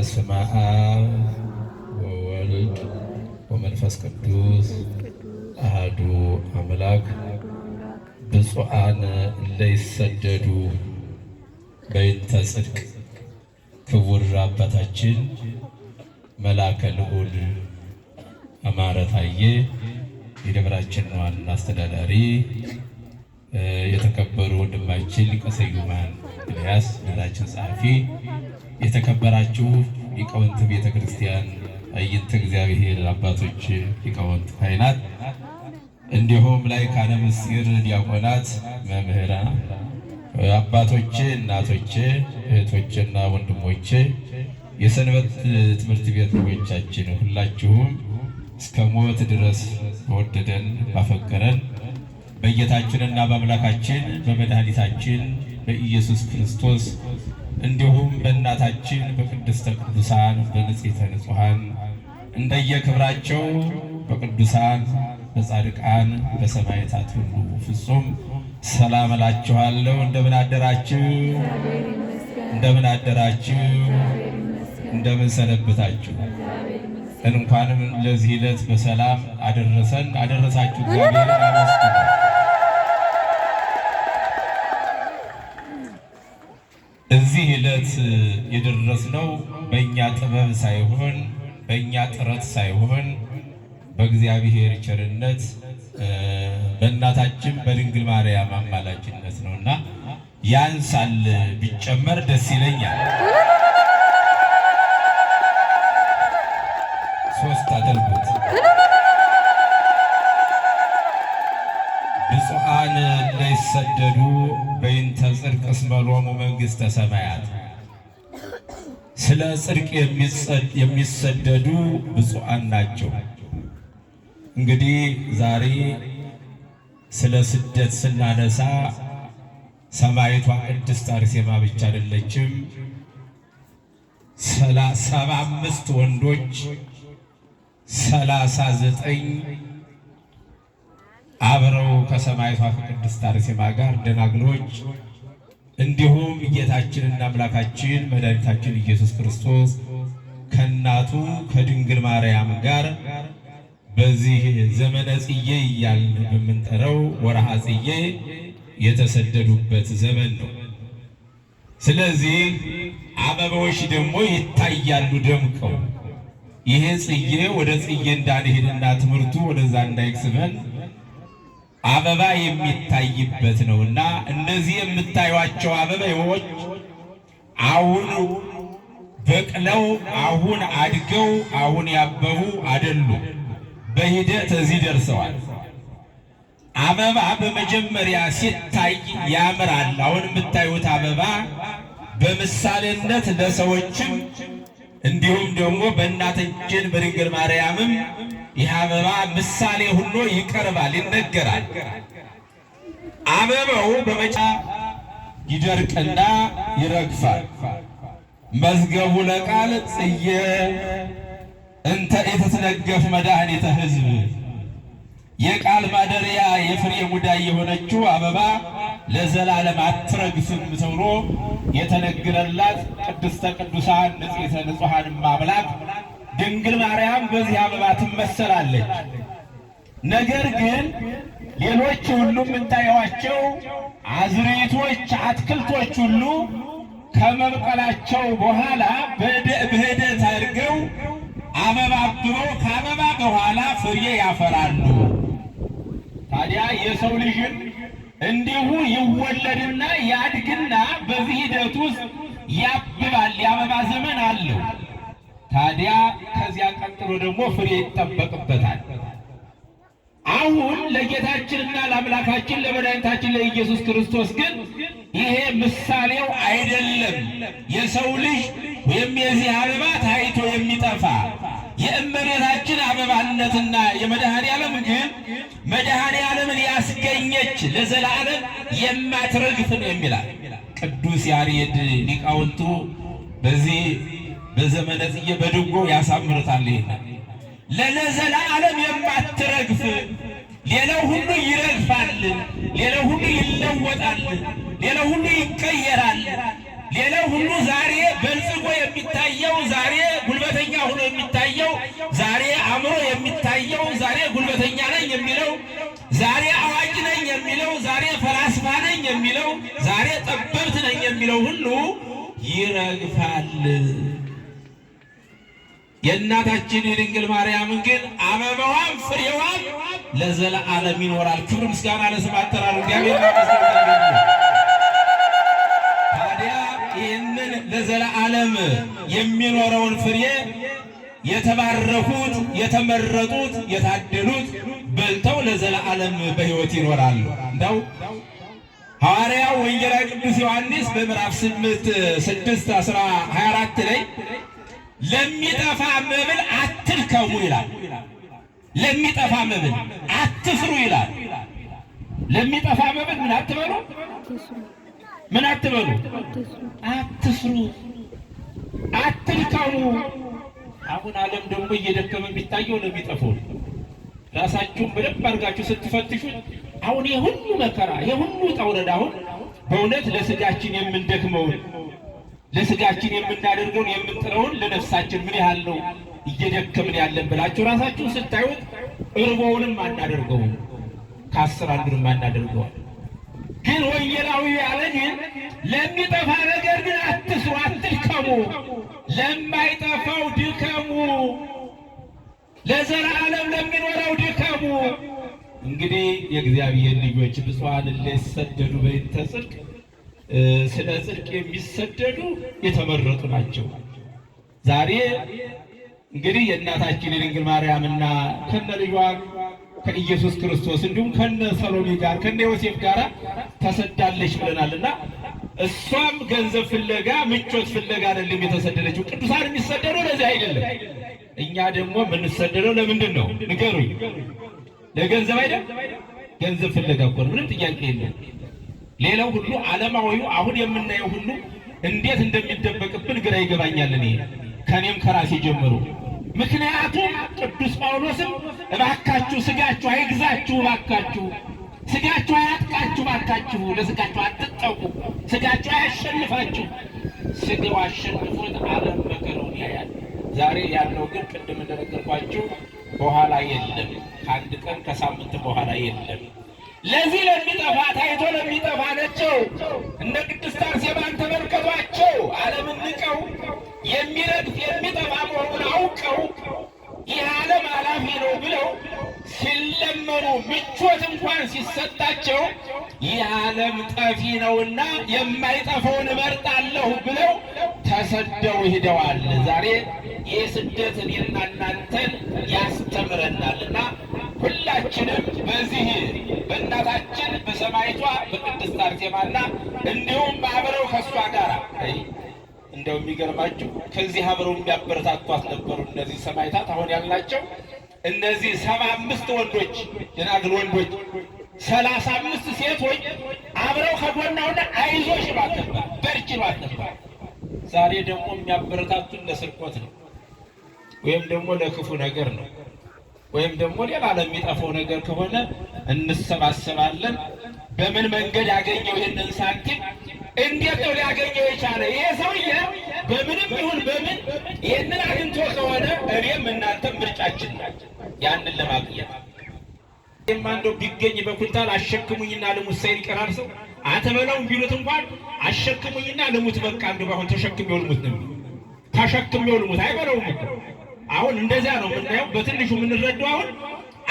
በስመ አብ ወወልድ ወመንፈስ ቅዱስ አህዱ አምላክ። ብፁዓን ለይሰደዱ በይንተ ጽድቅ ክቡር አባታችን መላከ ልዑል አማረ ታዬ የደብራችን ዋና አስተዳዳሪ፣ የተከበሩ ወንድማችን ሊቀ ስዩማን ኤልያስ ደብራችን ጸሐፊ የተከበራችሁ ሊቃውንት ቤተ ክርስቲያን፣ አይንተ እግዚአብሔር አባቶች፣ ሊቃውንት ካህናት፣ እንዲሁም ላይ ካነ ምስጢር ዲያቆናት፣ መምህራን፣ አባቶቼ፣ እናቶቼ፣ እህቶቼና ወንድሞቼ የሰንበት ትምህርት ቤት ልጆቻችን ሁላችሁም እስከ ሞት ድረስ በወደደን ባፈቀረን በጌታችንና በአምላካችን በመድኃኒታችን በኢየሱስ ክርስቶስ እንዲሁም በእናታችን በቅድስተ ቅዱሳን በንጽሕተ ንጹሐን እንደየክብራቸው በቅዱሳን በጻድቃን በሰማዕታት ሁሉ ፍጹም ሰላም እላችኋለሁ። እንደምን አደራችሁ? እንደምን አደራችሁ? እንደምን ሰነበታችሁ? እንኳንም ለዚህ ዕለት በሰላም አደረሰን አደረሳችሁ። እዚህ ዕለት የደረስነው በእኛ ጥበብ ሳይሆን በእኛ ጥረት ሳይሆን በእግዚአብሔር ቸርነት በእናታችን በድንግል ማርያም አማላጅነት ያን ያንሳል ቢጨመር ደስ ይለኛል። ሶስት አድርጉት። ጻድቃን እንዳይሰደዱ በይንተ ጽድቅ እስመሎሙ መንግሥተ ሰማያት ስለ ጽድቅ የሚሰደዱ ብፁዓን ናቸው። እንግዲህ ዛሬ ስለ ስደት ስናነሳ ሰማይቷ ቅድስት አርሴማ ብቻ አይደለችም። ሰባ አምስት ወንዶች ሰላሳ ዘጠኝ አብረው ከሰማይቷ ከቅድስት አርሴማ ጋር ደናግሎች እንዲሁም ጌታችንና አምላካችን መድኃኒታችን ኢየሱስ ክርስቶስ ከእናቱ ከድንግል ማርያም ጋር በዚህ ዘመነ ጽዬ እያልን በምንጠረው ወርሃ ጽዬ የተሰደዱበት ዘመን ነው። ስለዚህ አበባዎች ደግሞ ይታያሉ ደምቀው። ይሄ ጽዬ ወደ ጽዬ እንዳንሄድና ትምህርቱ ወደዛ እንዳይቅስበን አበባ የሚታይበት ነውና እነዚህ የምታዩቸው አበባዎች አሁን በቅለው አሁን አድገው አሁን ያበቡ አይደሉ። በሂደት እዚህ ደርሰዋል። አበባ በመጀመሪያ ሲታይ ያምራል። አሁን የምታዩት አበባ በምሳሌነት ለሰዎችም እንዲሁም ደግሞ በእናታችን በድንግል ማርያምም ይህ አበባ ምሳሌ ሁሉ ይቀርባል፣ ይነገራል። አበባው በመጫ ይደርቅና ይረግፋል። መዝገቡ ለቃል ጽዬ እንተ የተትነገፍ መድኃኒተ ሕዝብ የቃል ማደሪያ የፍሬ ሙዳይ የሆነችው አበባ ለዘላለም አትረግፍም ተብሎ የተነገረላት ቅድስተ ቅዱሳን ንጽሕተ ንጹሐን አምላክ ድንግል ማርያም በዚህ አበባ ትመሰላለች። ነገር ግን ሌሎች ሁሉም እንታየዋቸው አዝርዕቶች፣ አትክልቶች ሁሉ ከመብቀላቸው በኋላ በሂደት አድርገው አበባ ብሮ ከአበባ በኋላ ፍሬ ያፈራሉ። ታዲያ የሰው ልጅም እንዲሁ ይወለድና ያድግና በዚህ ሂደት ውስጥ ያብባል። የአበባ ዘመን አለው። ታዲያ ከዚያ ቀጥሎ ደግሞ ፍሬ ይጠበቅበታል። አሁን ለጌታችንና ለአምላካችን ለመድኃኒታችን ለኢየሱስ ክርስቶስ ግን ይሄ ምሳሌው አይደለም። የሰው ልጅ ወይም የዚህ አበባ ታይቶ የሚጠፋ የእመቤታችን አበባነትና የመድኃኔ ዓለም ግን መድኃኔ ዓለምን ያስገኘች ለዘላለም የማትረግፍ ነው የሚላል ቅዱስ ያሬድ ሊቃውንቱ በዚህ በዘመነ ጽጌ በድጎ ያሳምርታል። ይሄን ለለዘላ ዓለም የማትረግፍ ሌላው ሁሉ ይረግፋል፣ ሌላው ሁሉ ይለወጣል፣ ሌላው ሁሉ ይቀየራል። ሌላው ሁሉ ዛሬ በልጽጎ የሚታየው ዛሬ ጉልበተኛ ሆኖ የሚታየው ዛሬ አእምሮ የሚታየው ዛሬ ጉልበተኛ ነኝ የሚለው ዛሬ አዋቂ ነኝ የሚለው ዛሬ ፈላስፋ ነኝ የሚለው ዛሬ ጠበብት ነኝ የሚለው ሁሉ ይረግፋል። የእናታችን የድንግል ማርያምን ግን አበባዋን ፍሬዋን ለዘለዓለም ይኖራል። ክብር ምስጋና ለስም አጠራሩ እግዚአብሔር። ታዲያ ይህንን ለዘለዓለም የሚኖረውን ፍሬ የተባረኩት የተመረጡት የታደሉት በልተው ለዘለዓለም በሕይወት ይኖራሉ። እንደው ሐዋርያው ወንጌላዊ ቅዱስ ዮሐንስ በምዕራፍ ስድስት አስራ ሀያ አራት ላይ ለሚጠፋ መብል አትልከሙ ይላል። ለሚጠፋ መብል አትስሩ ይላል። ለሚጠፋ መብል ምን አትበሉ፣ ምን አትበሉ፣ አትስሩ፣ አትልከሙ። አሁን ዓለም ደግሞ እየደከመ የሚታየው ነው የሚጠፋው። ራሳችሁን በደንብ አድርጋችሁ ስትፈትሹት አሁን የሁሉ መከራ የሁሉ ጠውረድ አሁን በእውነት ለስጋችን የምንደክመውን ለስጋችን የምናደርገውን የምንጥረውን ለነፍሳችን ምን ያህል ነው እየደከምን ያለን ብላችሁ ራሳችሁን ስታዩት፣ እርቦውንም አናደርገውም፣ ከአስር አንዱንም አናደርገዋል። ግን ወንጌላዊ ያለን ለሚጠፋ ነገር ግን አትስሩ፣ አትድከሙ፣ ለማይጠፋው ድከሙ፣ ለዘላለም ለሚኖረው ድከሙ። እንግዲህ የእግዚአብሔር ልጆች ብፁዓን ሊሰደዱ በይተጽድቅ ስለ ጽድቅ የሚሰደዱ የተመረጡ ናቸው። ዛሬ እንግዲህ የእናታችን የድንግል ማርያምና ከነ ልጇ ከኢየሱስ ክርስቶስ እንዲሁም ከነ ሰሎሜ ጋር ከነ ዮሴፍ ጋር ተሰዳለች ብለናል እና እሷም ገንዘብ ፍለጋ ምቾት ፍለጋ አይደለም የተሰደደችው። ቅዱሳን የሚሰደደው ለዚህ አይደለም። እኛ ደግሞ የምንሰደደው ለምንድን ነው ንገሩኝ? ለገንዘብ አይደል? ገንዘብ ፍለጋ እኮ ነው። ምንም ጥያቄ የለም። ሌላው ሁሉ ዓለማዊው አሁን የምናየው ሁሉ እንዴት እንደሚደበቅብን ግራ ይገባኛል። እኔ ከኔም ከራሴ ጀምሮ ምክንያቱም ቅዱስ ጳውሎስም እባካችሁ ስጋችሁ አይግዛችሁ፣ እባካችሁ ስጋችሁ አያጥቃችሁ፣ እባካችሁ ለስጋችሁ አትጠቁ፣ ስጋችሁ አያሸንፋችሁ። ስጋው አሸንፎት ዓለም መከራውን ያያል። ዛሬ ያለው ግን ቅድም እንደነገርኳችሁ በኋላ የለም፣ ከአንድ ቀን ከሳምንት በኋላ የለም። ለዚህ ለሚጠፋ ታይቶ ለሚጠፋ ነቸው እንደ ቅድስት አርሴማን ተመልከቷቸው። ዓለምን ንቀው የሚረግፍ የሚጠፋ መሆኑን አውቀው ይህ ዓለም አላፊ ነው ብለው ሲለመኑ ምቾት እንኳን ሲሰጣቸው ይህ ዓለም ጠፊ ነውና የማይጠፋውን እመርጣለሁ ብለው ተሰደው ሂደዋል። ዛሬ ይህ ስደት እኔና እናንተን ያስተምረናልና ሁላችንም በዚህ በእናታችን በሰማይቷ በቅድስት አርሴማና እንዲሁም በአብረው ከእሷ ጋር እንደው የሚገርማችሁ ከዚህ አብረው የሚያበረታቷት ነበሩ። እነዚህ ሰማይታት አሁን ያልናቸው እነዚህ ሰባ አምስት ወንዶች ደናግል ወንዶች፣ ሰላሳ አምስት ሴቶች አብረው ከጎናውና አይዞሽ ባት ነበር፣ በርቺ ባት ነበር። ዛሬ ደግሞ የሚያበረታቱን ለስርቆት ነው ወይም ደግሞ ለክፉ ነገር ነው። ወይም ደግሞ ሌላ ለሚጠፋው ነገር ከሆነ እንሰባሰባለን። በምን መንገድ ያገኘው ይህንን ሳንቲም እንዴት ነው ሊያገኘው የቻለ? ይሄ ሰውዬ በምንም ይሁን በምን ይህንን አግኝቶ ከሆነ እኔም እናንተም ምርጫችን ናቸው። ያንን ለማግኘት የማንደው ቢገኝ በኩንታል አሸክሙኝና ልሙት ሰይድ ቀራር ሰው አትበለውም ቢሉት እንኳን አሸክሙኝና ልሙት፣ በቃ እንደው አሁን ተሸክሜው ልሙት ነው ተሸክሜው ልሙት አይበለውም እኮ አሁን እንደዚያ ነው የምናየው። በትንሹ የምንረዳው አሁን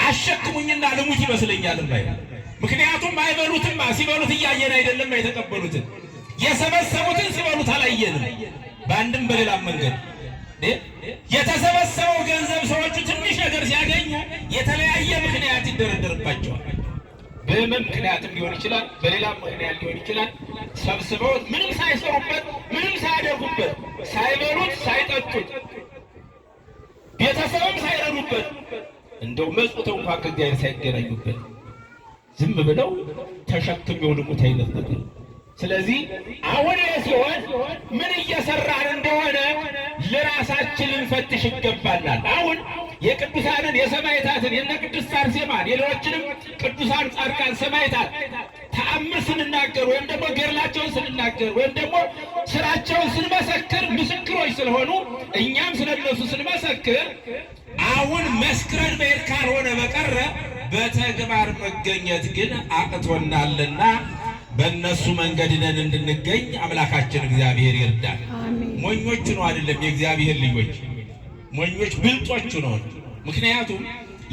አሸክሙኝና ልሙት ይመስለኛል ባይ ምክንያቱም አይበሉትማ ሲበሉት እያየን አይደለም የተቀበሉትን የሰበሰቡትን ሲበሉት አላየንም። በአንድም በሌላም መንገድ የተሰበሰበው ገንዘብ ሰዎቹ ትንሽ ነገር ሲያገኙ የተለያየ ምክንያት ይደረደርባቸዋል። በምን ምክንያትም ሊሆን ይችላል፣ በሌላም ምክንያት ሊሆን ይችላል። ሰብስበውት ምንም ሳይሰሩበት ምንም ሳያደርጉበት ሳይበሉት ሳይጠጡት ቤተሰብም ሳይረዱበት እንደው መጽውተው እንኳን ከእግዚአብሔር ሳይገናኙበት ዝም ብለው ተሸክም የሆንቁት አይነት ነገር። ስለዚህ አሁን ሲሆን ምን እየሰራን እንደሆነ ለራሳችንን ፈትሽ ይገባናል። አሁን የቅዱሳንን የሰማዕታትን የነ ቅድስት አርሴማን የሌሎችንም ቅዱሳን ጻድቃን ሰማዕታት ተአምር ስንናገር ወይም ደግሞ ገድላቸውን ስንናገር ወይም ደግሞ ስራቸውን ስንመሰክር ምስክሮች ስለሆኑ እኛም ስለነሱ ስንመሰክር አሁን መስክረን መሄድ ካልሆነ በቀረ በተግባር መገኘት ግን አቅቶናልና በእነሱ መንገድ ነን እንድንገኝ አምላካችን እግዚአብሔር ይርዳል። ሞኞቹ ነው አይደለም፣ የእግዚአብሔር ልጆች ሞኞች ብልጦቹ ነው። ምክንያቱም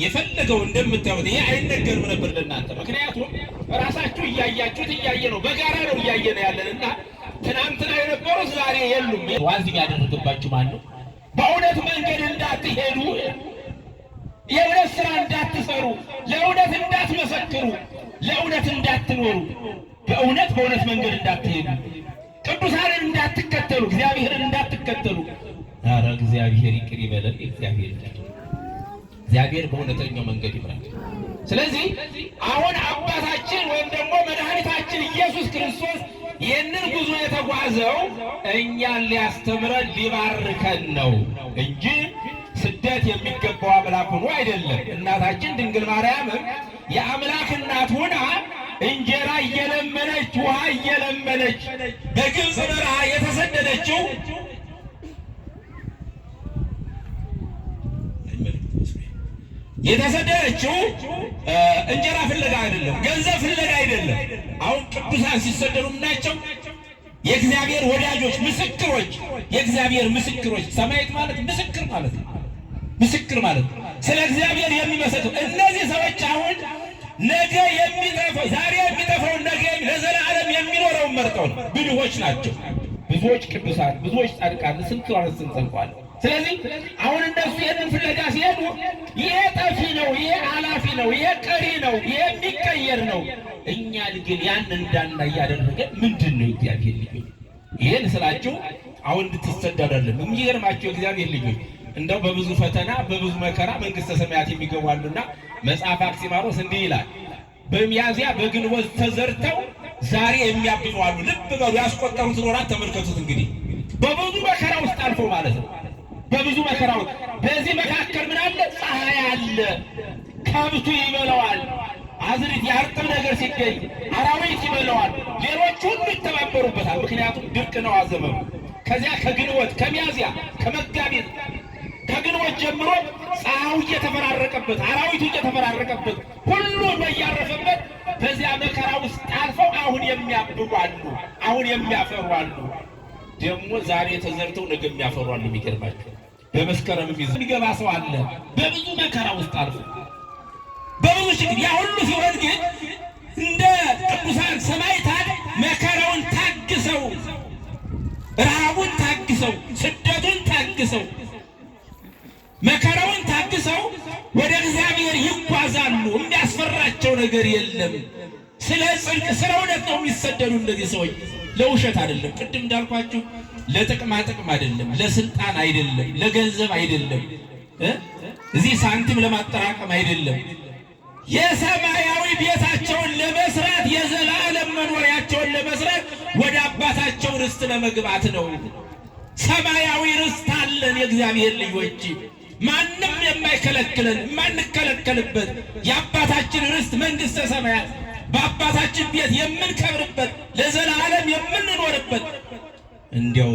የፈለገው እንደምታዩት ይሄ አይነገርም ነበር ለእናንተ። ምክንያቱም ራሳችሁ እያያችሁት እያየ ነው፣ በጋራ ነው እያየ ነው ያለን እና ትናንትና የነበሩ ዛሬ የሉም። ዋዝ ያደረገባችሁ ማን ነው? በእውነት መንገድ እንዳትሄዱ፣ የእውነት ስራ እንዳትሰሩ፣ ለእውነት እንዳትመሰክሩ፣ ለእውነት እንዳትኖሩ፣ በእውነት በእውነት መንገድ እንዳትሄዱ፣ ቅዱሳንን እንዳትከተሉ፣ እግዚአብሔርን እንዳትከተሉ። ኧረ እግዚአብሔር ይቅር ይበለን። እግዚአብሔር ይቅር እግዚአብሔር በእውነተኛው መንገድ ይምራል። ስለዚህ አሁን አባታችን ወይም ደግሞ መድኃኒታችን ኢየሱስ ክርስቶስ ይህንን ጉዞ የተጓዘው እኛን ሊያስተምረን ሊባርከን ነው እንጂ ስደት የሚገባው አምላክ ሆኖ አይደለም። እናታችን ድንግል ማርያምም የአምላክ እናት ሆና እንጀራ እየለመነች ውሃ እየለመነች በግብፅ በረሃ የተሰደደችው የተሰደደችው እንጀራ ፍለጋ አይደለም፣ ገንዘብ ፍለጋ አይደለም። አሁን ቅዱሳን ሲሰደዱ ምናቸው? የእግዚአብሔር ወዳጆች፣ ምስክሮች፣ የእግዚአብሔር ምስክሮች። ሰማዕት ማለት ምስክር ማለት ነው። ምስክር ማለት ስለ እግዚአብሔር የሚመሰክሩ እነዚህ ሰዎች አሁን ነገ የሚጠፋው ዛሬ የሚጠፋው ነገ ለዘላለም የሚኖረውን መርጠው ብልሆች ናቸው። ብዙዎች ቅዱሳን፣ ብዙዎች ጻድቃን ስንት ዋህት ስንጸንቋል ስለዚህ አሁን እነሱ ይህንን ፍለጋ ሲሄዱ ይሄ ጠፊ ነው፣ ይሄ አላፊ ነው፣ ይሄ ቀሪ ነው፣ ይሄ የሚቀየር ነው። እኛን ግን ያን እንዳና እያደረገ ምንድን ነው እግዚአብሔር ልጆች? ይህን ስላችሁ አሁን እንድትሰደዳለን። የሚገርማቸው እግዚአብሔር ልጆች እንደው በብዙ ፈተና በብዙ መከራ መንግሥተ ሰማያት የሚገቡ አሉና መጽሐፍ አክሲማሮስ እንዲህ ይላል በሚያዝያ በግንቦት ተዘርተው ዛሬ የሚያብቡ አሉ። ልብ በሉ፣ ያስቆጠሩትን ወራት ተመልከቱት። እንግዲህ በብዙ መከራ ውስጥ አልፎ ማለት ነው በብዙ መከራዎች በዚህ መካከል ምን አለ? ፀሐይ አለ። ከብቱ ይበለዋል። አዝሪት ያርጥም ነገር ሲገኝ አራዊት ይበለዋል። ሌሎች ሁሉ ይተባበሩበታል። ምክንያቱም ድርቅ ነው አዘመም። ከዚያ ከግንቦት ከሚያዝያ ከመጋቢት ከግንቦት ጀምሮ ፀሐዩ እየተፈራረቀበት፣ አራዊቱ እየተፈራረቀበት፣ ሁሉ እያረፈበት በዚያ መከራ ውስጥ አልፈው አሁን የሚያብቡ አሉ። አሁን የሚያፈሩ አሉ። ደግሞ ዛሬ ተዘርተው ነገ የሚያፈሩ አሉ። የሚገርማቸው በመስከረም ጊዜ የሚገባ ሰው አለ። በብዙ መከራ ውስጥ አልፎ በብዙ ችግር ያ ሁሉ ሲሆን ግን እንደ ቅዱሳን ሰማዕታት መከራውን ታግሰው፣ ረሃቡን ታግሰው፣ ስደቱን ታግሰው፣ መከራውን ታግሰው ወደ እግዚአብሔር ይጓዛሉ። የሚያስፈራቸው ነገር የለም። ስለ ጽድቅ፣ ስለ እውነት ነው የሚሰደዱ እነዚህ ሰዎች፣ ለውሸት አይደለም። ቅድም እንዳልኳችሁ ለጥቅማ ጥቅም አይደለም፣ ለስልጣን አይደለም፣ ለገንዘብ አይደለም፣ እዚህ ሳንቲም ለማጠራቀም አይደለም። የሰማያዊ ቤታቸውን ለመስራት የዘላለም መኖሪያቸውን ለመስራት ወደ አባታቸው ርስት ለመግባት ነው። ሰማያዊ ርስት አለን የእግዚአብሔር ልጆች፣ ማንም የማይከለክለን የማንከለከልበት የአባታችን ርስት መንግሥተ ሰማያት በአባታችን ቤት የምንከብርበት ለዘላለም የምንኖርበት እንዲያው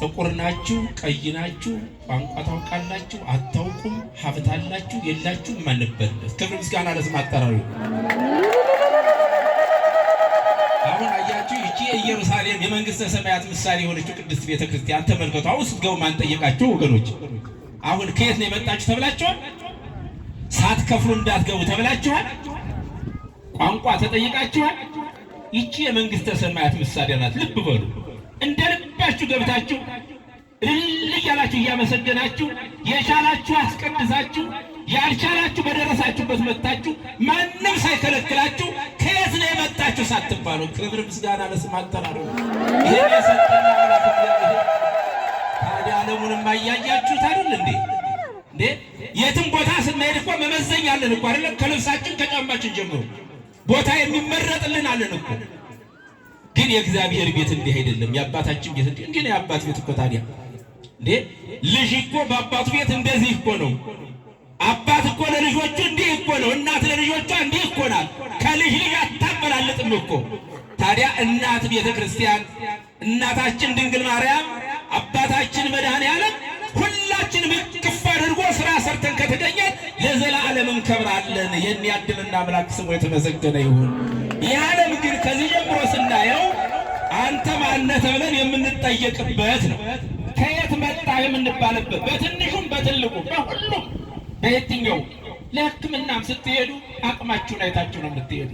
ጥቁር ናችሁ፣ ቀይ ናችሁ፣ ቋንቋ ታውቃላችሁ፣ አታውቁም፣ ሀብት አላችሁ፣ የላችሁም ማንበልበት ክብር ምስጋና ለስም አጠራሩ። አሁን አያችሁ፣ ይቺ የኢየሩሳሌም የመንግስተ ሰማያት ምሳሌ የሆነችው ቅድስት ቤተ ክርስቲያን ተመልከቱ። አሁን ስትገቡ ማን ጠየቃችሁ? ወገኖች አሁን ከየት ነው የመጣችሁ ተብላችኋል። ሳትከፍሉ እንዳትገቡ ተብላችኋል። ቋንቋ ተጠይቃችኋል። ይቺ የመንግስተ ሰማያት ምሳሌ ናት። ልብ በሉ። እንደ ልባችሁ ገብታችሁ እልል ያላችሁ እያመሰገናችሁ የቻላችሁ አስቀድሳችሁ ያልቻላችሁ በደረሳችሁበት መጥታችሁ ማንም ሳይከለክላችሁ ከየት ነው የመጣችሁ ሳትባሉ ክብር ምስጋና ለስም አጠራሩ ታዲያ ዓለሙንም አያያችሁት አይደል እንዴ? እንዴ የትም ቦታ ስናሄድ እኮ መመዘኛ አለን እኮ አይደለም? ከልብሳችን ከጫማችን ጀምሮ ቦታ የሚመረጥልን አለን እኮ ግን የእግዚአብሔር ቤት እንዲህ አይደለም። የአባታችን ቤት እንዲህ እንዲህ የአባት ቤት እኮ ታዲያ እንዴ ልጅ እኮ በአባቱ ቤት እንደዚህ እኮ ነው። አባት እኮ ለልጆቹ እንዲህ እኮ ነው። እናት ለልጆቿ እንዲህ እኮ ናት። ከልጅ ልጅ አታመላልጥም እኮ ታዲያ እናት ቤተ ክርስቲያን እናታችን ድንግል ማርያም አባታችን መድኃኔ ዓለም ሁላችንም እቅፍ አድርጎ ስራ ሰርተን ከተገኘን ለዘላለም እንከብራለን። የሚያድልና አምላክ ስሙ የተመሰገነ ይሁን። የዓለም ግን ከዚህ ጀምሮ ስናየው አንተ ማነህ ተብለን የምንጠየቅበት ነው። ከየት መጣ የምንባልበት፣ በትንሹም በትልቁ በሁሉም በየትኛው ለሕክምናም ስትሄዱ አቅማችሁን አይታችሁ ነው የምትሄዱ።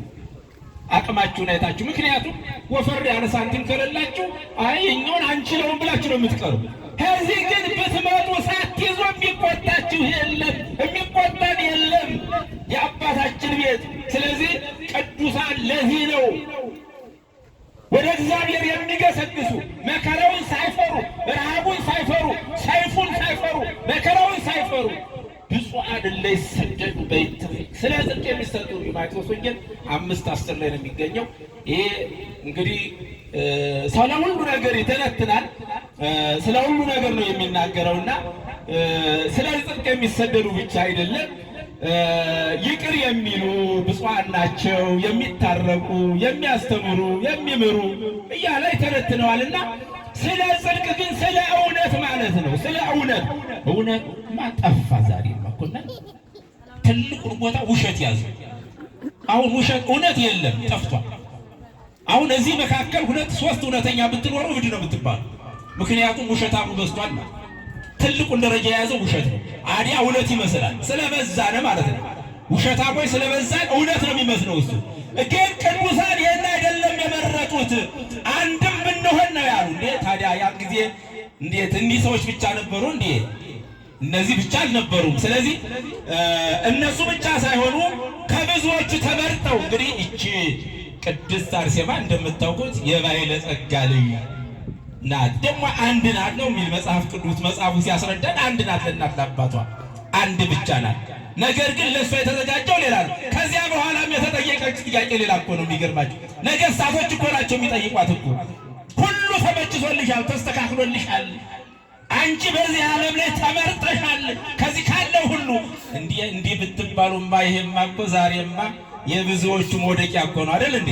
አቅማችሁን አይታችሁ። ምክንያቱም ወፈር ያለ ሳንቲም ከሌላችሁ አይ እኛውን አንችለውም ብላችሁ ነው የምትቀሩ። ከዚህ ግን ብትመጡ ሳትይዞ የሚቆጣችሁ የለም፣ የሚቆጣን የለም የአባታችን ቤት። ስለዚህ ቅዱሳን ለዚህ ነው ወደ እግዚአብሔር የሚገሰግሱ መከራውን ሳይፈሩ፣ ረሃቡን ሳይፈሩ፣ ሰይፉን ሳይፈሩ፣ መከራውን ሳይፈሩ ብፁዓን እንዳይሰደዱ በይትር ስለ ጽድቅ የሚሰጡ ማቴዎስ ወንጌል አምስት አስር ላይ ነው የሚገኘው። ይሄ እንግዲህ ሰው ለሁሉ ነገር ይተነትናል። ስለ ሁሉ ነገር ነው የሚናገረው እና ስለ ጽድቅ የሚሰደዱ ብቻ አይደለም ይቅር የሚሉ ብፁዓን ናቸው፣ የሚታረቁ፣ የሚያስተምሩ፣ የሚምሩ እያለ ይተነትነዋልና ስለ ጽድቅ ግን ስለ እውነት ማለት ነው። ስለ እውነት እውነት ማጠፋ ዛሬ ማኮና ትልቁን ቦታ ውሸት ያዘ። አሁን ውሸት እውነት የለም ጠፍቷል። አሁን እዚህ መካከል ሁለት ሶስት እውነተኛ ብትኖሩ እብድ ነው የምትባሉ። ምክንያቱም ውሸታሙ በዝቷል። ትልቁን ደረጃ የያዘው ውሸት ነው። አዲያ እውነት ይመስላል ስለበዛነ ማለት ነው። ውሸታሞች ስለበዛን እውነት ነው የሚመስለው እሱ እጌን ቅዱሳን ይህን አይደለም የመረጡት አንድም ብንሆን ነው ያሉ። እንዴ ታዲያ ያን ጊዜ እንዴት እኒህ ሰዎች ብቻ ነበሩ እንዴ? እነዚህ ብቻ አልነበሩም። ስለዚህ እነሱ ብቻ ሳይሆኑ ከብዙዎቹ ተመርጠው እንግዲህ እቺ ቅድስት አርሴማ እንደምታውቁት የባይለ ጸጋ ልዩ ናት። ደግሞ አንድ ናት ነው የሚል መጽሐፍ ቅዱስ መጽሐፉ ሲያስረዳን አንድ ናት። ለእናት አባቷ አንድ ብቻ ናት። ነገር ግን ለእሷ የተዘጋጀው ሌላ ነው። ከዚያ በኋላም የተጠየቀች ጥያቄ ሌላ እኮ ነው። የሚገርማቸው ነገስታቶች እኮ ናቸው የሚጠይቋት እኮ ሁሉ ተመችቶልሻል፣ ተስተካክሎልሻል፣ አንቺ በዚህ ዓለም ላይ ተመርጠሻል፣ ከዚህ ካለው ሁሉ እንዲህ ብትባሉማ ይሄማ እኮ ዛሬማ የብዙዎቹ መውደቂያ እኮ ነው አይደል እንዴ?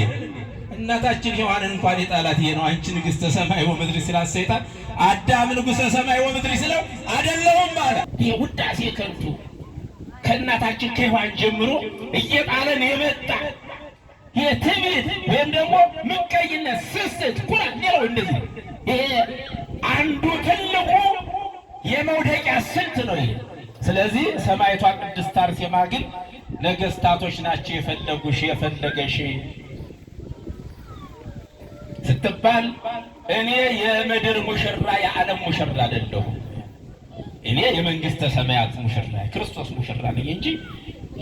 እናታችን ሔዋንን እንኳን የጣላት ይሄ ነው። አንቺ ንግሥተ ሰማይ ወምድር ስላት ሰይጣን አዳም ንጉሠ ሰማይ ወምድር ስለው አይደለሁም አለ። ይሄ ውዳሴ ከንቱ ከእናታችን ከሔዋን ጀምሮ እየጣለን የመጣ የትዕቢት ወይም ደግሞ ምቀኝነት፣ ስስት፣ ኩራት ሌላው እንደዚህ ይሄ አንዱ ትልቁ የመውደቂያ ስልት ነው ይሄ። ስለዚህ ሰማይቷ ቅድስት አርሴማ ግን ነገስታቶች ናቸው የፈለጉሽ የፈለገሽ ስትባል እኔ የምድር ሙሽራ የዓለም ሙሽራ አይደለሁም እኔ የመንግስተ ሰማያት ሙሽራ ክርስቶስ ሙሽራ ነኝ እንጂ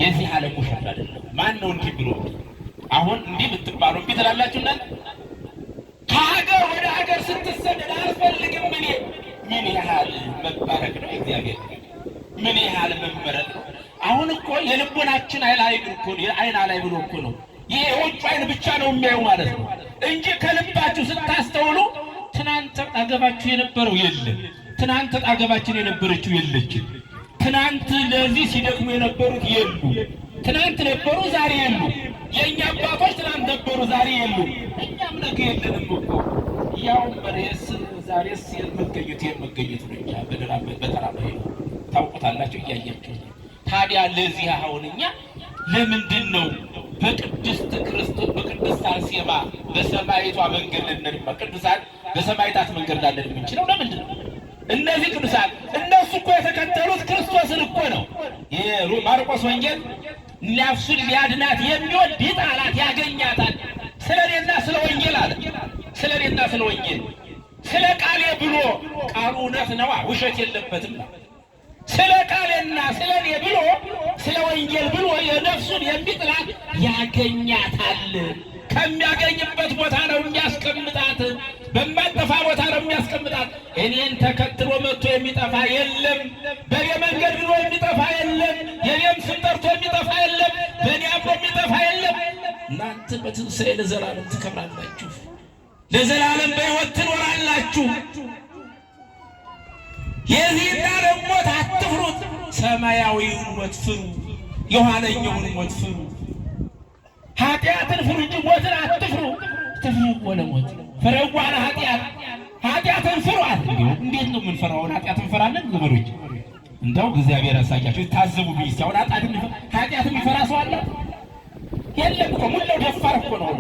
የዚህ ዓለም ሙሽራ አይደለም። ማን ነው እንዲህ ብሎ አሁን እንዲህ ምትባሉ እምቢ ትላላችሁ? እናንተ ከሀገር ወደ ሀገር ስትሰደድ አልፈልግም ምን ምን ያህል መባረክ ነው እግዚአብሔር ምን ያህል መመረጥ ነው። አሁን እኮ የልቦናችን አይን ላይ እኮ አይን አላይ ብሎ እኮ ነው ይሄ የውጭ አይን ብቻ ነው የሚያዩ ማለት ነው እንጂ ከልባችሁ ስታስተውሉ ትናንት አገባችሁ የነበረው የለም ትናንት አጠገባችን የነበረችው የለችም። ትናንት ለዚህ ሲደክሙ የነበሩት የሉ። ትናንት ነበሩ፣ ዛሬ የሉ። የእኛ አባቶች ትናንት ነበሩ፣ ዛሬ የሉ። እኛም ነገ የለንም እኮ ያው መሬስ ዛሬስ የመገኘት የመገኘት ነው። እኛ በጠራ ታውቁታላቸው፣ እያያቸው ታዲያ ለዚህ አሁን እኛ ለምንድን ነው በቅድስት ክርስቶስ በቅድስት አርሴማ በሰማይቷ መንገድ ልንድ በቅዱሳን በሰማይታት መንገድ ላለን የምንችለው ለምንድን ነው? እነዚህ ቅዱሳን እነሱ እኮ የተከተሉት ክርስቶስን እኮ ነው። ማርቆስ ወንጌል ነፍሱን ሊያድናት የሚወድ ይጣላት ያገኛታል። ስለ እኔና ስለ ወንጌል አለ። ስለ እኔና ስለ ወንጌል ስለ ቃሌ ብሎ ቃሉ እውነት ነዋ፣ ውሸት የለበትም። ስለ ቃሌና ስለ እኔ ብሎ ስለ ወንጌል ብሎ የነፍሱን የሚጥላት ያገኛታል። ከሚያገኝበት ቦታ ነው የሚያስቀምጣት። በማይጠፋ ቦታ ነው የሚያስቀምጣት። እኔን ተከትሎ መጥቶ የሚጠፋ የለም። በየመንገድ ድሮ የሚጠፋ የለም። የኔም ስም ጠርቶ የሚጠፋ የለም። በእኔ አብሮ የሚጠፋ የለም። እናንተ በትንሣኤ ለዘላለም ትከብራላችሁ፣ ለዘላለም በሕይወት ትኖራላችሁ። የዚህና ደግሞ አትፍሩት፣ ሰማያዊውን ሞት ፍሩ፣ የኋለኛውን ሞት ፍሩ። ኃጢአትን ፍርጅ ሞትን አትፍሩ ትፍሩ እኮ ለሞት ፍረዋን ኃጢአት ኃጢአትን ፍሯል። እንዴት ነው የምንፈራውን ኃጢአት እንፈራለን? ግበሮች እንደው እግዚአብሔር ያሳያቸው ታዘቡ ብዬ ሲያሁን ኃጢአት የሚፈራ ሰው አለ የለም እኮ ሙላው ደፋር እኮ ነው።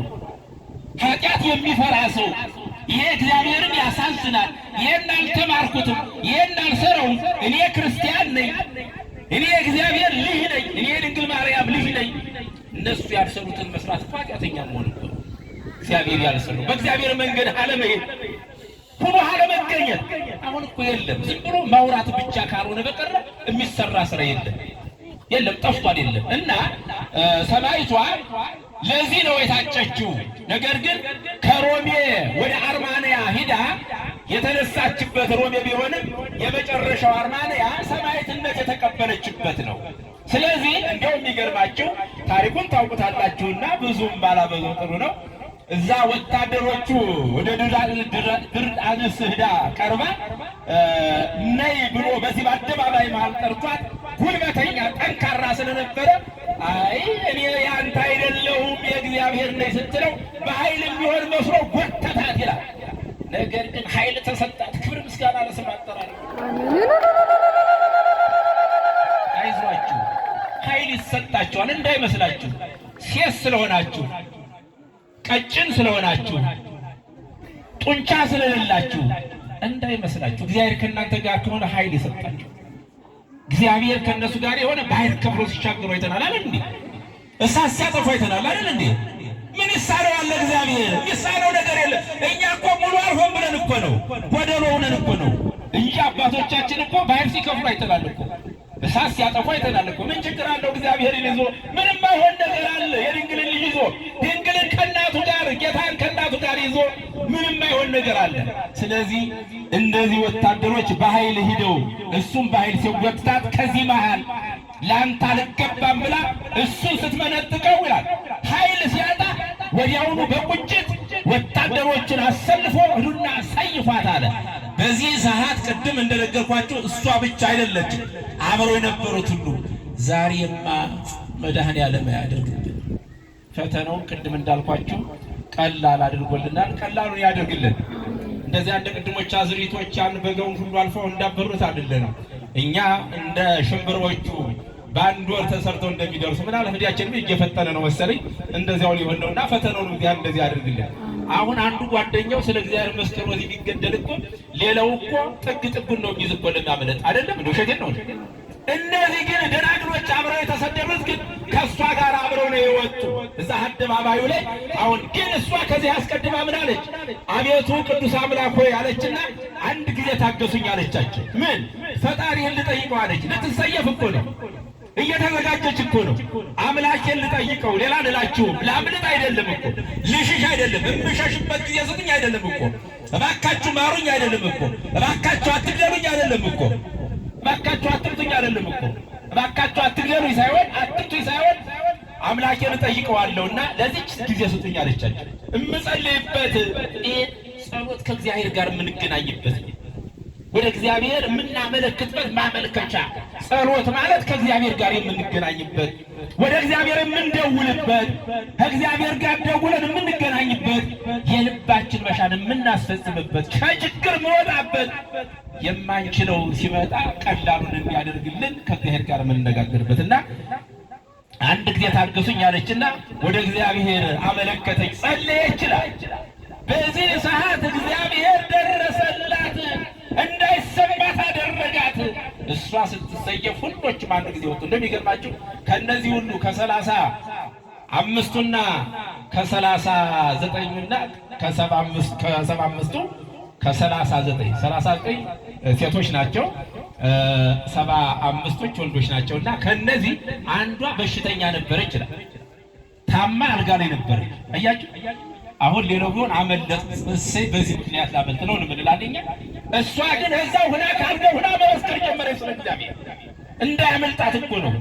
ኃጢአት የሚፈራ ሰው ይሄ እግዚአብሔርን ያሳዝናል። ይሄን አልተማርኩትም፣ ይሄን አልሰራውም፣ እኔ ክርስቲያን ነኝ፣ እኔ እግዚአብሔር ልጅ ነኝ፣ እኔ ድንግል ማርያም ልጅ ነኝ እነሱ ያልሰሩትን መስራት እኮ ኃጢአተኛ መሆን ነው። እግዚአብሔር ያልሰሩ በእግዚአብሔር መንገድ አለመሄድ ሁሉ አለመገኘት። አሁን እኮ የለም ዝም ብሎ ማውራት ብቻ ካልሆነ በቀረ የሚሰራ ስራ የለም የለም ጠፍቷል፣ የለም እና ሰማይቷ ለዚህ ነው የታጨችው። ነገር ግን ከሮሜ ወደ አርማንያ ሂዳ የተነሳችበት ሮሜ ቢሆንም የመጨረሻው አርማንያ ሰማይትነት የተቀበለችበት ነው። ስለዚህ እንደው የሚገርማችሁ ታሪኩን ታውቁታላችሁና ብዙም ባላበዛው ጥሩ ነው። እዛ ወታደሮቹ ወደ ድርጣንስ ህዳ ቀርባ ነይ ብሎ በዚህ በአደባባይ መሀል ጠርቷት፣ ጉልበተኛ ጠንካራ ስለነበረ አይ እኔ የአንተ አይደለሁም የእግዚአብሔር ነይ ስትለው በኃይል የሚሆን መስሎ ጎተታት ይላል። ነገር ግን ኃይል ተሰጣት። ክብር ምስጋና ለስም አጠራል ኃይል ይሰጣችኋል እንዳይመስላችሁ። ሴት ስለሆናችሁ፣ ቀጭን ስለሆናችሁ፣ ጡንቻ ስለሌላችሁ እንዳይመስላችሁ። እግዚአብሔር ከእናንተ ጋር ከሆነ ኃይል ይሰጣችሁ። እግዚአብሔር ከእነሱ ጋር የሆነ ባህር ከፍሎ ሲሻገሩ አይተናል አይደል እንዴ? እሳት ሲያጠፉ አይተናል አይደል እንዴ? ምን ይሳነው አለ እግዚአብሔር። ይሳነው ነገር የለ። እኛ እኮ ሙሉ አልሆን ብለን እኮ ነው፣ ጎደሎ ሆነን እኮ ነው እንጂ አባቶቻችን እኮ ባህር ሲከፍሉ አይተናል እኮ እሳት ሲያጠፋ አይተናል እኮ። ምን ችግር አለው? እግዚአብሔርን ይዞ ምንም አይሆን ነገር አለ። የድንግልን ልጅ ይዞ ድንግልን ከእናቱ ጋር ጌታን ከእናቱ ጋር ይዞ ምንም አይሆን ነገር አለ። ስለዚህ እንደዚህ ወታደሮች በኃይል ሂደው እሱም በኃይል ሲወቅታት ከዚህ መሃል ለአንተ አልገባም ብላ እሱን ስትመነጥቀው ይላል ኃይል ሲያጣ ወዲያውኑ በቁጭት ወታደሮችን አሰልፎ ሂዱና አሳይፏት አለ። በዚህ ሰዓት ቅድም እንደነገርኳቸው እሷ ብቻ አይደለችም፣ አብሮ የነበሩት ሁሉ ዛሬማ መድኃኔ ዓለም ያደርግልን። ፈተናውን ቅድም እንዳልኳቸው ቀላል አድርጎልናል። ቀላሉን ያደርግልን። እንደዚህ እንደ ቅድሞች አዝሪቶች ያን በጋውን ሁሉ አልፈው እንዳበሩት አይደለንም። እኛ እንደ ሽምብሮቹ በአንድ ወር ተሰርተው እንደሚደርሱ ምናልባት ህዲያችንም እየፈጠነ ነው መሰለኝ እንደዚያው ሊሆን ነውና ፈተናውን ዚያ እንደዚህ አድርግልን። አሁን አንዱ ጓደኛው ስለ እግዚአብሔር መስቀል ወዲህ ቢገደል እኮ ሌላው እኮ ጥግ ጥጉን ነው የሚይዝ እኮ ልናመለጥ አይደለም እንደ ሸገን ነው። እነዚህ ግን ደናግሎች አብረው የተሰደሩት ግን ከእሷ ጋር አብረው ነው የወጡ እዛ አደባባዩ ላይ። አሁን ግን እሷ ከዚህ አስቀድማ ምን አለች? አቤቱ ቅዱስ አምላክ ሆይ አለችና አንድ ጊዜ ታገሱኝ አለቻቸው። ምን ፈጣሪህን ልጠይቀው አለች። ልትሰየፍ እኮ ነው እየተዘጋጀች እኮ ነው። አምላኬን ልጠይቀው ሌላ ልላችሁም ላምልጥ አይደለም እኮ ልሽሽ አይደለም የምሸሽበት ጊዜ ስጡኝ አይደለም እኮ እባካችሁ ማሩኝ አይደለም እኮ እባካችሁ አትግደሉኝ አይደለም እኮ እባካችሁ አትምቱኝ አይደለም እኮ እባካችሁ አትግደሉኝ ሳይሆን አትምቱኝ ሳይሆን አምላኬን እጠይቀዋለሁና ለዚች ጊዜ ስጡኝ አለቻቸው። እምጸልይበት ይሄ ጸሎት ከእግዚአብሔር ጋር የምንገናኝበት ወደ እግዚአብሔር የምናመለክትበት ማመልከቻ። ጸሎት ማለት ከእግዚአብሔር ጋር የምንገናኝበት፣ ወደ እግዚአብሔር የምንደውልበት፣ ከእግዚአብሔር ጋር ደውለን የምንገናኝበት፣ የልባችን መሻን የምናስፈጽምበት፣ ከችግር የምንወጣበት፣ የማንችለው ሲመጣ ቀላሉን የሚያደርግልን ከእግዚአብሔር ጋር የምንነጋገርበት እና አንድ ጊዜ ታገሱኝ አለችና ወደ እግዚአብሔር አመለከተኝ። ጸለየች ይችላል። በዚህ ሰዓት እግዚአብሔር ደረሰላት። እንዳይሰማት አደረጋት። እሷ ስትሰየፍ ሁሎችም አንድ ጊዜ ወጡ። እንደሚገርማችሁ ከእነዚህ ሁሉ ከሰላሳ አምስቱና ከሰላሳ ዘጠኙና ከሰባ አምስቱ ከሰላሳ ዘጠኝ ሰላሳ ዘጠኝ ሴቶች ናቸው፣ ሰባ አምስቶች ወንዶች ናቸው። እና ከእነዚህ አንዷ በሽተኛ ነበረች ይላል። ታማ አልጋ ላይ ነበረች። አያችሁ አሁን ሌላው ቢሆን አመለጥ እሰይ በዚህ ምክንያት ላመልጥ ነው እንላለን እሷ ግን እዛው ሁና ካለ ሁና መመስከር ጀመረ። ስለ እግዚአብሔር እንዳያመልጣት እኮ ነው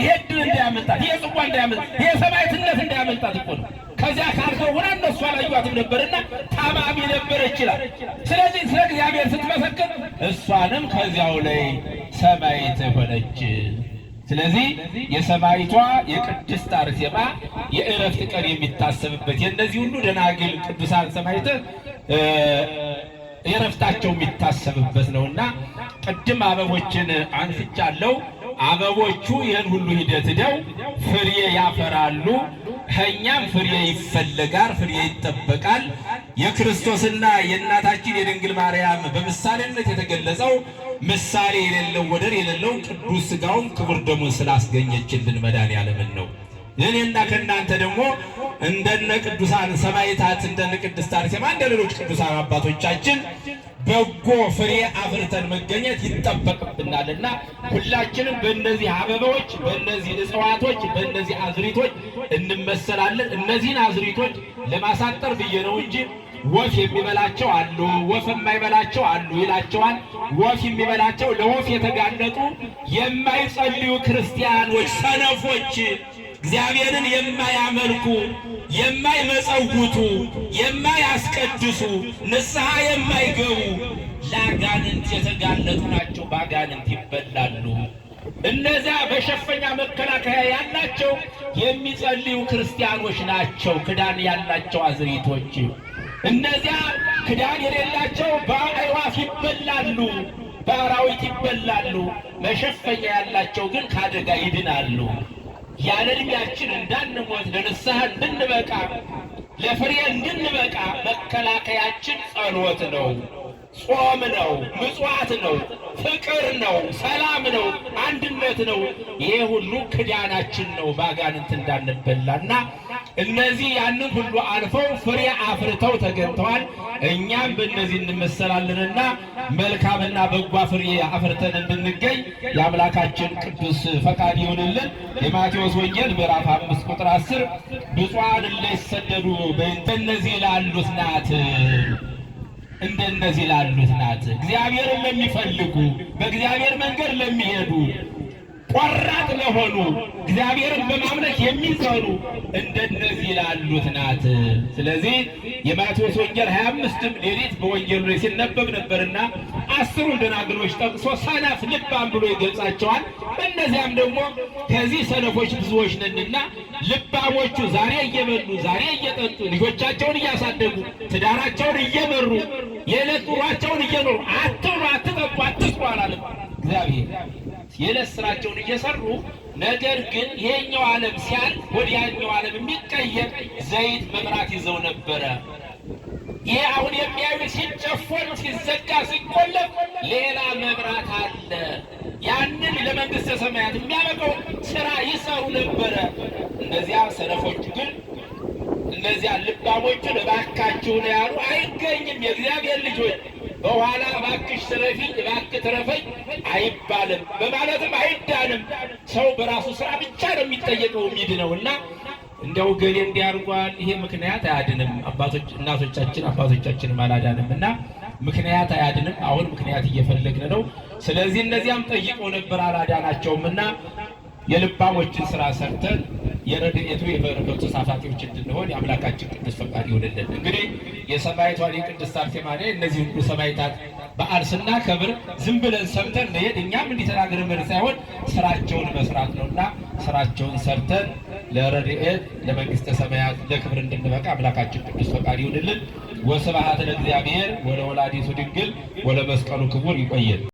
ይሄ ድል እንዳያመልጣት፣ ይሄ ጽዋ እንዳያመልጣት፣ ይሄ ሰማዕትነት እንዳያመልጣት እኮ ነው። ከዚያ ካልከው ሁና እነሱ አላዩዋትም ነበርና ታማሚ ነበር ይችላል። ስለዚህ ስለ እግዚአብሔር ስትመሰክር እሷንም ከዚያው ላይ ሰማዕት ሆነች። ስለዚህ የሰማዕቷ የቅድስት አርሴማ የእረፍት ቀን የሚታሰብበት የእነዚህ ሁሉ ደናግል ቅዱሳን ሰማዕታት የረፍታቸው የሚታሰብበት ነውና ቅድም አበቦችን አንስቻለሁ። አበቦቹ ይህን ሁሉ ሂደት ደው ፍሬ ያፈራሉ። ከእኛም ፍሬ ይፈለጋል፣ ፍሬ ይጠበቃል። የክርስቶስና የእናታችን የድንግል ማርያም በምሳሌነት የተገለጸው ምሳሌ የሌለው ወደር የሌለው ቅዱስ ሥጋውን ክቡር ደሙን ስላስገኘችልን መድኃኔ ዓለምን ነው። እኔና ከእናንተ ደግሞ እንደነ ቅዱሳን ሰማይታት እንደነ ቅድስት አርሴማ እንደ ሌሎች ቅዱሳን አባቶቻችን በጎ ፍሬ አፍርተን መገኘት ይጠበቅብናልና ሁላችንም በእነዚህ አበባዎች፣ በእነዚህ እጽዋቶች፣ በእነዚህ አዝሪቶች እንመሰላለን። እነዚህን አዝሪቶች ለማሳጠር ብዬ ነው እንጂ ወፍ የሚበላቸው አሉ፣ ወፍ የማይበላቸው አሉ ይላቸዋል። ወፍ የሚበላቸው ለወፍ የተጋለጡ የማይጸልዩ ክርስቲያኖች ሰነፎች እግዚአብሔርን የማያመልኩ የማይመጸውቱ፣ የማያስቀድሱ፣ ንስሐ የማይገቡ ለአጋንንት የተጋለጡ ናቸው፣ በአጋንንት ይበላሉ። እነዚያ በሸፈኛ መከላከያ ያላቸው የሚጸልዩ ክርስቲያኖች ናቸው፣ ክዳን ያላቸው አዝሪቶች። እነዚያ ክዳን የሌላቸው በአዕዋፍ ይበላሉ፣ በአራዊት ይበላሉ። መሸፈኛ ያላቸው ግን ከአደጋ ይድናሉ። ያለ ዕድሜያችን እንዳንሞት ለንስሐ እንድንበቃ ለፍሬ እንድንበቃ መከላከያችን ጸሎት ነው። ጾም ነው፣ ምጽዋት ነው፣ ፍቅር ነው፣ ሰላም ነው፣ አንድነት ነው። ይሄ ሁሉ ክዳናችን ነው ባጋንንት እንዳንበላና እነዚህ ያንን ሁሉ አልፈው ፍሬ አፍርተው ተገኝተዋል። እኛም በእነዚህ እንመሰላለንና መልካምና በጓ ፍሬ አፍርተን እንድንገኝ የአምላካችን ቅዱስ ፈቃድ ይሁንልን። የማቴዎስ ወንጌል ምዕራፍ አምስት ቁጥር አስር ብፁዓን እለ በእንተ እነዚህ ላሉት ናት እንደነዚህ ላሉት ናት። እግዚአብሔርን ለሚፈልጉ በእግዚአብሔር መንገድ ለሚሄዱ ቆራጥ ለሆኑ እግዚአብሔርን በማምለክ የሚሰሩ እንደነዚህ ላሉት ናት። ስለዚህ የማቴዎስ ወንጌል ሀያ አምስትም ሌሊት በወንጌሉ ላይ ሲነበብ ነበርና አስሩ ደናግሎች ጠቅሶ ሰነፍ ልባም ብሎ ይገልጻቸዋል። እነዚያም ደግሞ ከዚህ ሰነፎች ብዙዎች ነንና ልባሞቹ ዛሬ እየበሉ ዛሬ እየጠጡ ልጆቻቸውን እያሳደጉ ትዳራቸውን እየመሩ የዕለት ኑሯቸውን እየኖሩ አትብሉ፣ አትጠጡ፣ አትስሩ አላለም እግዚአብሔር። የዕለት ስራቸውን እየሰሩ ነገር ግን ይሄኛው ዓለም ሲያልፍ ወዲያኛው ዓለም የሚቀየር ዘይት መብራት ይዘው ነበረ። ይሄ አሁን የሚያዩ ሲጨፎን ሲዘጋ ሲቆለፍ ሌላ መብራት አለ። ያንን ለመንግሥተ ሰማያት የሚያበቀው ስራ ይሰሩ ነበረ። እነዚያ ሰነፎቹ ግን እነዚያ ልባሞቹን እባካችሁ ነው ያሉ። አይገኝም የእግዚአብሔር ልጆች በኋላ እባክሽ ትረፊ እባክ ትረፈኝ አይባልም፣ በማለትም አይዳንም። ሰው በራሱ ስራ ብቻ ነው የሚጠየቀው ነው እና እንደው ገሌ እንዲያርጓል ይሄ ምክንያት አያድንም። አባቶች እናቶቻችን አባቶቻችንም አላዳንም እና ምክንያት አያድንም። አሁን ምክንያት እየፈለግን ነው። ስለዚህ እነዚያም ጠይቀው ነበር አላዳናቸውም እና የልባሞችን ስራ ሰርተን የረድኤቱ የበረከቱ ተሳታፊዎች እንድንሆን የአምላካችን ቅዱስ ፈቃድ ይሆንልን። እንግዲህ የሰማዕቷን የቅድስት አርሴማን እነዚህ ሁሉ ሰማይታት በዓል ስናከብር ዝም ብለን ሰምተን መሄድ እኛም እንዲተናገር መር ሳይሆን ስራቸውን መስራት ነው እና ስራቸውን ሰርተን ለረድኤት ለመንግስተ ሰማያት ለክብር እንድንበቃ አምላካችን ቅዱስ ፈቃድ ይሆንልን። ወስብሐት ለእግዚአብሔር ወለወላዲቱ ድንግል ወለመስቀሉ ክቡር ይቆየል።